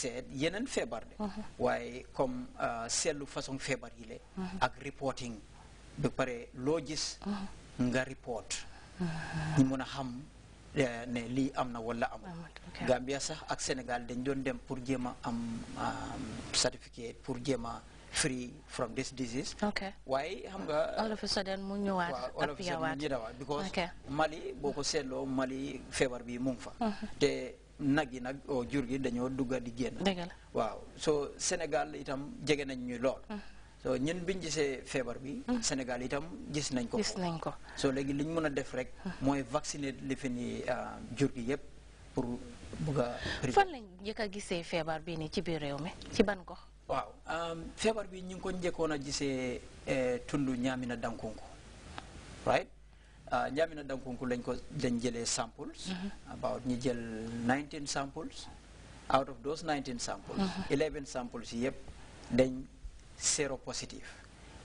seet yeneen feebar de uh-huh. waaye comme euh, seetlu façon feebar yi le uh-huh. ak reporting ba pare loo gis uh-huh. nga report ñu mun a xam euh, ne lii am na wala amul Gambia sax ak Sénégal dañ doon dem pour jéem am euh, certificate pour jéem free from this disease waaye xam nga all of mu ñëwaat because Mali boo ko seetloo Mali feebar bi mu fa te nag yi nag oo jur gi dañoo dugga di génn waaw soo Sénégal itam jege nañ ñu lool mm-hmm. so ñun biñ gisee feebar bi mm-hmm. Sénégal itam gis nañ ko gis nañ ko soo léegi liñ mën a def rek mm-hmm. mooy vacciner li fi ni ah, jur gi yëpp pour bugg a fan lañ njëkk a gisee feebar bi nii ci biir réew mi ci ban ko waaw feebar bi ñu ko njëkkoon a gisee eh, tund ñaamina dankunku Euh, Njamina Dankunku lañ ko lañ jëlee samples. Mhm. about ñu jël 19 samples. out of those 19 samples. 11 mhm. samples yëpp dañ zero positive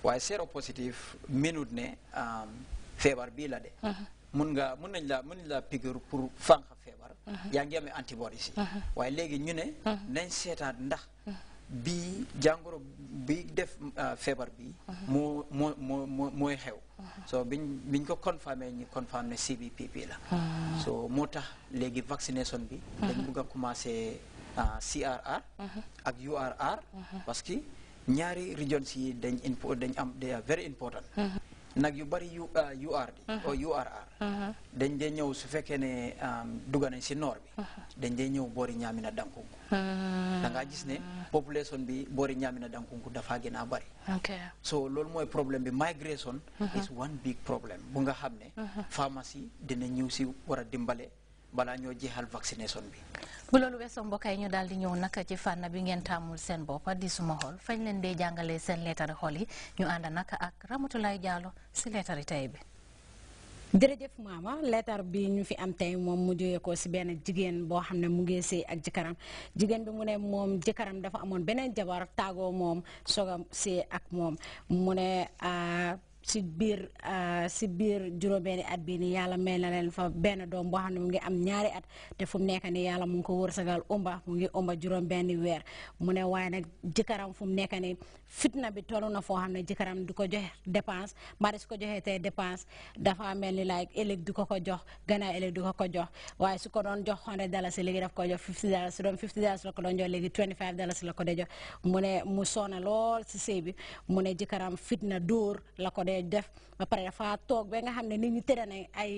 waaye zero positive minute ne um, feebar bii la de. Mhm. mun nga mun nañ la mun nañ laa piqûre pour fànq feebar. yaa ngi amee antibodies yi. waaye léegi ñu ne. nañ seetaat ndax. bi jàngoro bi def euh, feebar bi uh-huh. moo moo moo mooy xew uh-huh. so biñ biñ ko confirmé ñu confirmé ne CBPP la ah. so moo tax léegi vaccination bi uh-huh. dañ bëgg a commencé euh, CRR ak URR parce que ñaari regions yi dañ dañ am they important nag yu bari yu ah, UR uh-huh. oh, URR uh-huh. dañ dee ñëw su fekkee ne dugga nañ si noor bi uh-huh. dañ dee ñëw boori ñaamina na da ngaa gis ne population bi boori ñaamina dankunku dafaa gën a bari so loolu mooy problème bi migration is one big problem bu nga xam ne pharmacie dina ñëw si war a dimbale balaa ñoo jeexal vaccination bi. bu loolu weesoo yi ñu daal di ñëw nag ci fànna bi ngeen tàmmul seen bopp di suma xool fañ leen dee jàngalee seen leetari xool yi ñu ànd nag ak Ramatulaay Jaalo si leetari tey bi. jërëjëf maama leetar bi ñu fi am tey moom mu jógee ko si benn jigéen boo xam ne mu ngi sëy ak jëkkëram jigéen bi mu ne moom jëkkëram dafa amoon beneen jabar taagoo moom soog a ak moom mu ne ah, si biir ah, si biir juróom-benni at bii nii yàlla may na leen fa benn doom boo xam ne mu ngi am ñaari at te fu mu nekk nii yàlla mu ngi ko wërsagal omba mu ngi omba juróom-benni weer mu ne waaye nag jëkkëram fu mu fitna bi toll na foo xam ne jëkkëram du ko joxe dépense mari su ko joxee tey dépense dafa mel ni like ëllëg du ko ko jox gannaaw ëllëg du ko ko jox waaye su ko doon jox hundred dalasi ko jox fifty dalasi doon fifty dalasi la ko doon jox la ko dee jox mu ne mu soona lool si sëy mu ne jëkkëram fitna dee def ba pare dafa toog ba nga xam ne nit ñi tëdd nañ ay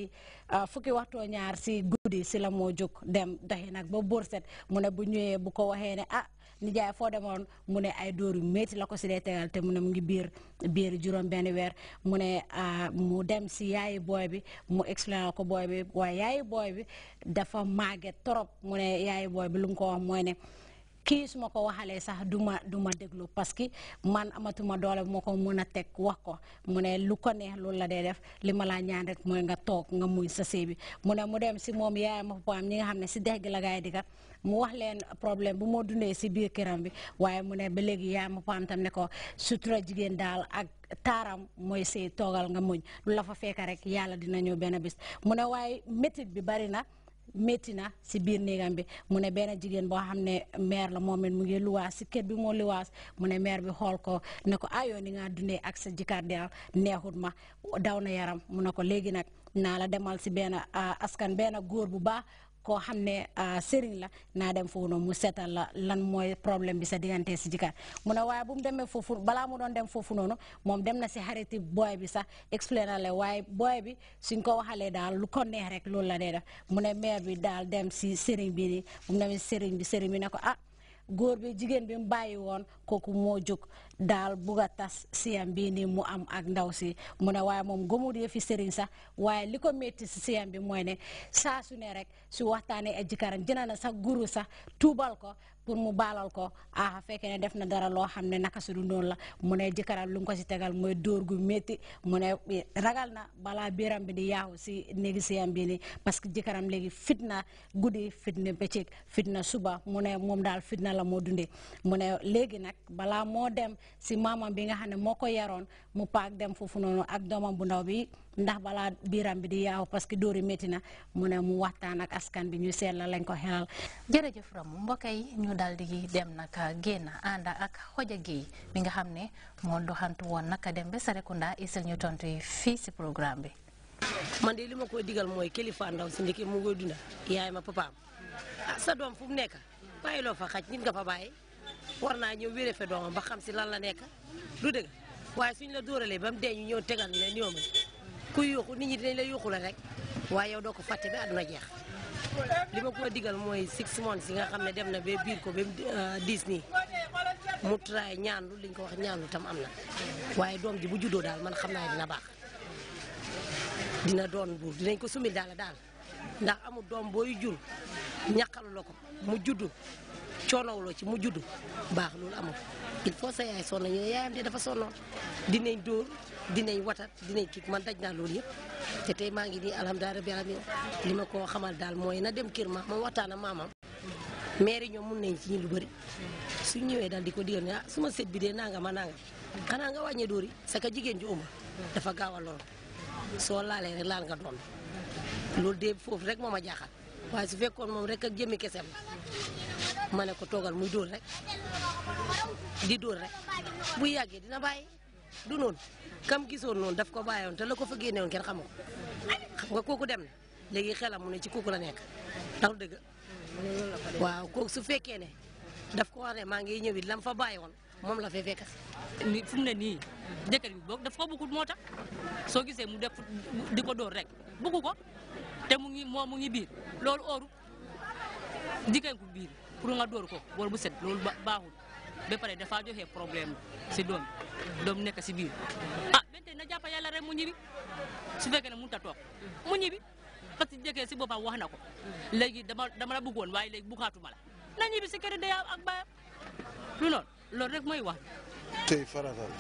ah, fukki waxtoo ñaar si guddi si la moo jóg dem doxi nag ba bóor set mu ne bu ñëwee bu ko waxee ne ah nijaay foo demoon mu ne ay dóor yu métti la ko si dee tegal te mu ne mu ngi biir biir juróom benn weer mu ne ah, mu dem si yaayi booy bi mu expliqué ko booy bi waaye yaayi booy bi dafa màgget trop mu ne yaayi booy bi lum ko wax mooy ne ki suma ko waxale sax duma duma deglu parce man amatuma doole moko meuna tek wax ko mune lu ko neex lu la de def lima la ñaan rek moy nga tok nga muy sa sebi mune mu dem si mom yaayam ak papaam ñi nga xamne ci si la gay di mu wax len problème bu mo dundé ci biir këram bi waye mune ba légui yaayam ak papaam tam ne ko sutura jigen dal ak taram moy sey togal nga muñ lu la fa fekk rek yalla dina ñëw benn bis mune waye waaye bi bari na métti na si biir néegam bi mu ne benn jigéen boo xam ne maire la moom it mu ngi luwaas si kër bi moo luwaas mu ne maire bi xool ko ne ko ayoo ni nga dundee ak sa jikaar neexut ma daw na yaram mu ne ko léegi nag la demal si benn ah, askan benn góor bu baax koo xam ne ah, sëriñ la naa dem foofu noonu mu seetal la lan mooy problème bi sa diggante si jikkaar mu ne waaye bu mu demee foofu balaa mu doon dem foofu noonu moom dem na si xariti booy bi sax expliqué la waaye booy bi suñ ko waxalee daal lu ko neex rek loolu la de def mu ne maire bi daal dem si sëriñ bi nii mu ne sëriñ bi sëriñ bi ne ko ah góor bi jigéen bi mu bàyyi woon kooku moo jóg daal bugg a tas siyam bi nii mu am ak ndaw si mu ne waaye moom gëmul yëfi sëriñ sax waaye li ko métti si siyam bi mooy ne saa su ne rek su waxtaanee ak jikaram jëna na sax guru sax tuubal ko pour mu baalal ko a ah, fekkee ne def na dara loo xam ne naka su du noonu la mu ne jëkkëram lu ko si tegal mooy dóor gu métti mu ne ragal na balaa biiram bi di yaaxu si néegi siyam bi nii parce que jëkkëram léegi fitna guddi fitna bëccëg fitna suba mu ne moom daal fitna la moo dundee mu ne léegi nag balaa dem si maamam bi nga xam ne moo ko yaroon mu paak dem foofu noonu ak doomam bu ndaw bi ndax balaa biiram bi di yaaw parce que dóori métti na mu ne mu waxtaan ak askan bi ñu seet la lañ ko xelal. jërëjëf Ramou mbokk yi ñu daal di dem naka génn ànd ak Xoja Géey bi nga xam ne moo doxantu woon naka dem ba Serekunda isil ñu tontu fii si programme bi. man de li ma koy digal mooy kilifa ndaw si ndeke mu ngi dunda yaay ma papaam ah, sa doom fu mu nekk bàyyi war naa ñëw wéree fa doomam ba xam si lan la nekk du dëgg waaye suñ la dóoralee ba mu dee ñu ñëw tegal ñu ñoo ñoom ku yuuxu nit ñi dinañ la yuuxu rek waaye yow doo ko fàtte ba jeex li ma ko digal mooy six months yi nga xam ne dem na ba biir ko ba euh, diis nii mu traay ñaanlu liñ ko wax ñaanlu tam am na waaye doom ji bu juddoo daal man xam naa dina baax dina doon buur dinañ ko sumil daal daal ndax amu doom booy jur ñaqalu la ko mu juddu coonawloo ci mu juddu baax loolu amul il faut sa yaay sonn ñu ne yaayam de dafa sonnoon dinañ dóor dinañ watat dinañ kiik man daj naa loolu yëpp te tey maa ngi nii alhamdulilah rabbil alamin li ma koo xamal daal mooy na dem kër ma ma waxtaan ak maamam maire ñoom mun nañ ci ñu lu bëri suñ ñëwee daal di ko digal ne ah, su ma set bi dee nangam a nangam kanaa nga wàññi dóor yi sa ka jigéen ju uma dafa gaaw a lool soo laalee rek laal nga doon loolu de foofu rek moo ma jaaxal waaye su fekkoon moom rek ak jëmmi kesem ma ne ko toogal muy dóor rek di dóor rek bu yàggee dina bàyyi du noonu kam gisoon noonu daf ko bàyyoon te la ko fa génnewoon kenn xamoo xam nga ko dem na léegi xelam mu ne ci kooku la nekk ndax dëgg waaw kooku su fekkee ne daf ko wax maa ngi ñëwit lam fa bàyyiwoon moom la fee fekkas ni fu mu ne nii jëkkër bi boog daf ko bëggut moo tax soo gisee mu def di ko dóor rek bëggu ko te mu ngi moom mu ngi biir loolu ooru jigéen ku biir pour nga dóor ko bool bu set loolu baaxul ba pare dafa joxe problème si doom doom nekk si biir ah bente na jàpp yàlla rek mu ñibbi su fekkee na mënut a toog mu ñibbi parce que jëkkee si boppam wax na ko léegi dama dama la bëggoon waaye léegi buggaatuma la na ñibbi si kër ndeyam ak baayam lu noonu loolu rek mooy wax tey faratal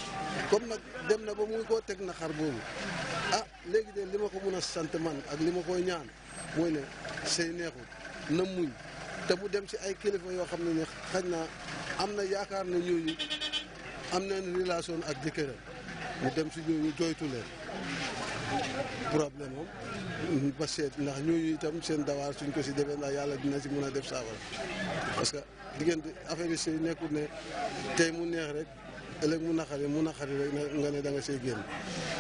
comme nag dem na ba mu ko teg na xar boobu léegi de li ma ko mun a sant man ak li ma koy ñaan mooy ne sëy neexul na muñ te bu dem si ay kilifa yoo xam ne ne xaj naa am na yaakaar ne ñooñu am nañ relation ak jëkkëram mu dem si ñooñu joytu leen problème am ba seet ndax ñooñu itam seen dawaar suñ ko si defee ndax yàlla dina si mën a def saafara parce que diggante affaire yi sëy nekkul ne tey mu neex rek ëllëg mu naqari mu naqari rek nga ne da nga see génn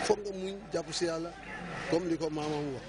foog nga muñ jàpp si àlla comme li ko maamam wax.